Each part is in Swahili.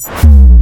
Thank you.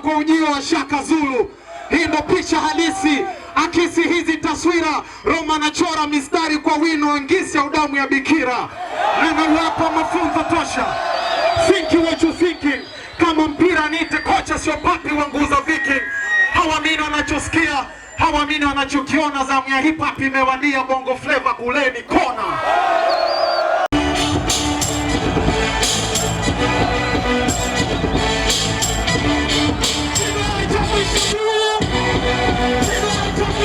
kwa ujio wa Shaka Zulu. Hii ndo picha halisi akisi hizi taswira. Roma anachora mistari kwa wino angisi ya udamu ya bikira. Ninawapa mafunzo tosha, thinking what you Kama mpira niite kocha, sio papi wa nguza viking. Hawaamini wanachosikia, hawamini wanachokiona. Zamu ya hip hop imewadia, bongo flavor kuleni kona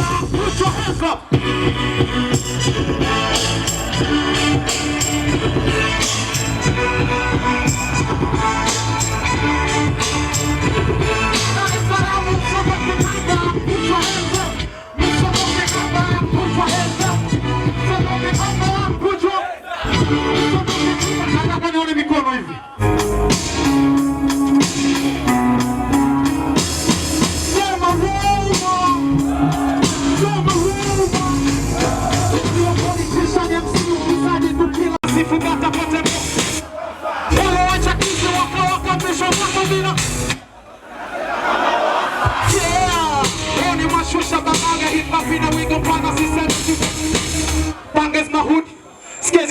Put your hands up.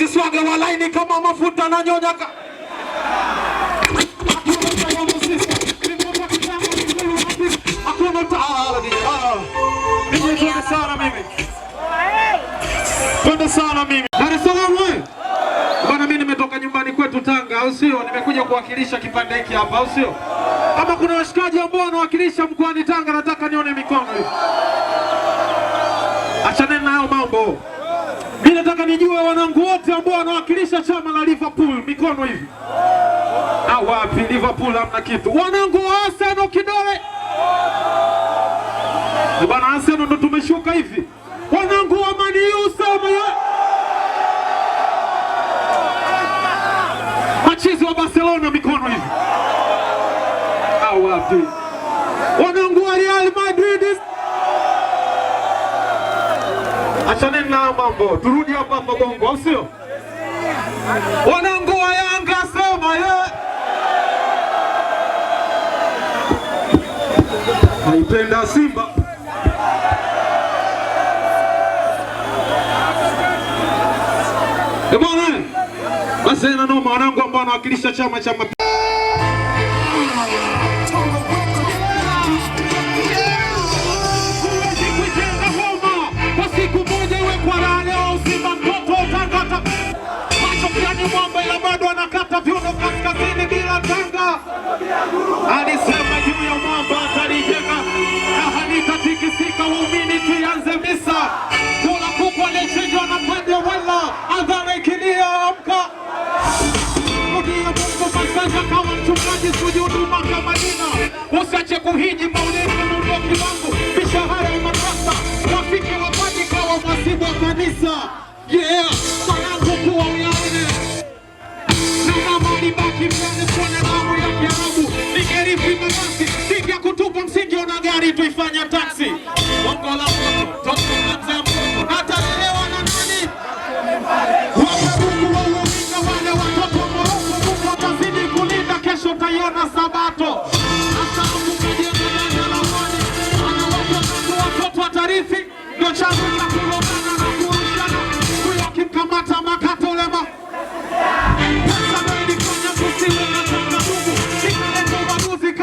usiswage walaini kama mafuta na nyonyaka Kwenda sana mimi Dar es Salaam wewe. Bwana mimi nimetoka nyumbani kwetu Tanga, au sio? Nimekuja kuwakilisha kipande hiki hapa, au sio? Kama kuna washikaji ambao wanawakilisha mkoani Tanga, nataka nione mikono hiyo. Achana nayo mambo nijue wanangu wote ambao wanawakilisha chama la Liverpool, mikono hivi. Na wapi Liverpool hamna kitu. Wanangu wa Arsenal kidole. Bwana Arsenal ndo tumeshuka hivi. Wanangu Achaneni nao mambo, turudi hapa hapa Bongo, au sio? Wanangu wa Yanga sema ye. Naipenda Simba. E basi na wanangu ambao wanawakilisha Chama cha Mapinduzi. alisema juu ya mwamba atalijenga na halitatikisika. Waumini tuanze misa, kula kuku aliyechinjwa na amka Masanja kama mchungaji, kama dina, kuhiji wangu, mishahara ya madrasa, rafiki wa kawa mwasibu wa kanisa. Yeah, kuwa Ibaki mnanifanya mambo ya kiarabu nikeripi mabasi, sija kutupa msingi, una gari tuifanya taksi bongo la moto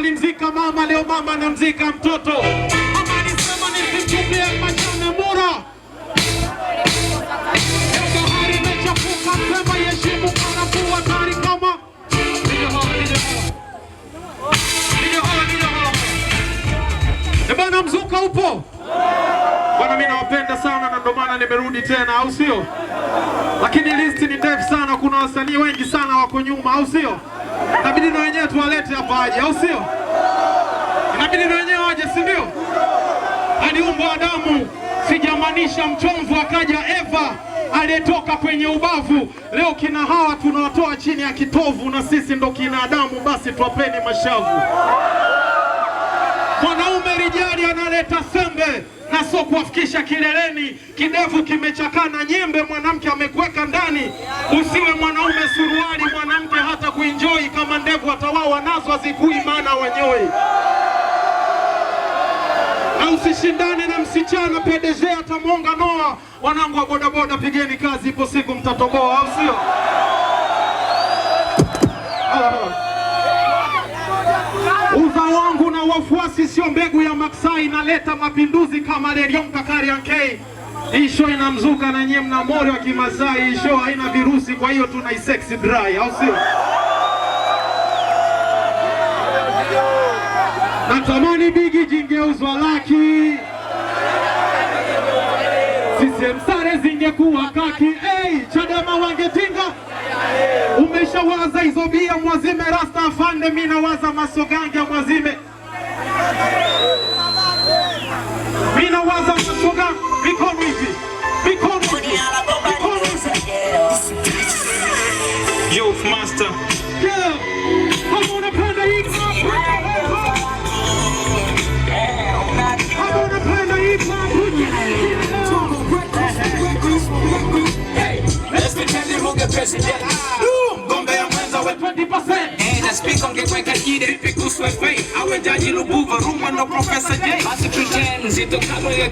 alimzika mama, leo mama anamzika mtoto. Mama alisema nisimchukie machane mura, bahari imechafuka, sema yeshimu karafuu tari kama eh Bwana mzuka upo bwana, mimi nawapenda sana na ndio maana nimerudi tena, au sio? Lakini listi ni ndefu sana, kuna wasanii wengi sana wako nyuma, au sio? inabidi na wenyewe tuwalete hapa aje, au sio? Inabidi na wenyewe waje, si ndio? Hadi yaani umbo wa damu, sijamaanisha mchomvu akaja Eva aliyetoka kwenye ubavu. Leo kina hawa tunawatoa chini ya kitovu, na sisi ndo kina Adamu, basi twapeni mashavu. Mwanaume rijali analeta sembe wala sio kuwafikisha kileleni. Kidevu kimechakaa na nyembe, mwanamke amekuweka ndani. Usiwe mwanaume suruali, mwanamke hata kuinjoi kama ndevu atawao wanazo azikui, maana wanyoi na usishindane na msichana PDG atamwonga noa. Wanangu wa bodaboda, pigeni kazi, ipo siku mtatoboa, au sio? Uza wangu na wafuasi sio mbegu ya maksai, inaleta mapinduzi kama Lerion Kakariankei. Isho inamzuka na nyie mna mori wa Kimasai. Isho haina virusi, kwa hiyo tuna sex dry, au sio? Natamani bigi jingeuzwa laki msare zingekuwa kaki. Hey, Chadema wangetinga Umeshawaza izobia bia mwazime rasta afande, mimi nawaza masogange ya mwazime, mimi nawaza masoga mikono hivi mikono Sway, awe Jaji Lubuva, Ruma na Professor J. Basi pretend Nzito kama ya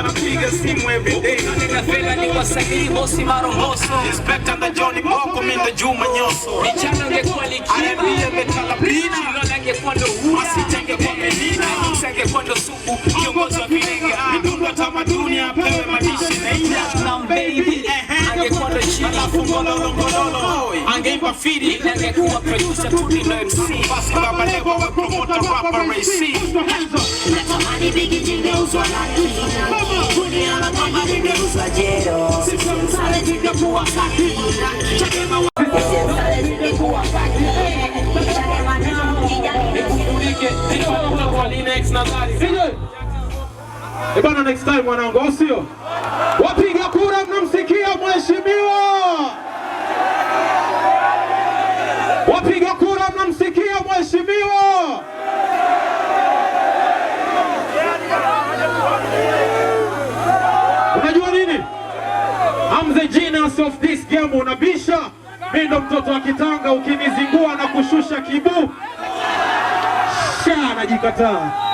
anapiga simu every day. Nina fela ni wasanii bosi marongoso. Inspector na Johnny Boko mimi ndo Juma Nyoso. Michana ungekuwa likiba. Arabia metala pina. Chilo nangekuwa ndo hula. Asitangekuwa menina. Sangekuwa ndo subu. Kiongozi wa vinenge. Midundo tamaduni apewe madishi na ina. Nam baby alafu ngololo ngololo angeimba fidi angekuwa producer tu ni MC basi kama lebo wa promoter rapper race natamani bigi ningeuzwa nani dunia la mama ningeuzwa jero sale ningekuwa kati chakema wa sale ningekuwa kati chakema nao kijana nikumulike ndio kwa Linex nadhari E bana, next time mwanangu, au sio? Wapiga kura mnamsikia mheshimiwa, wapiga kura mnamsikia mheshimiwa. Unajua nini? I'm the genius of this game. Unabisha, mimi ndo mtoto wa Kitanga, ukinizingua na kushusha kibu sha, najikataa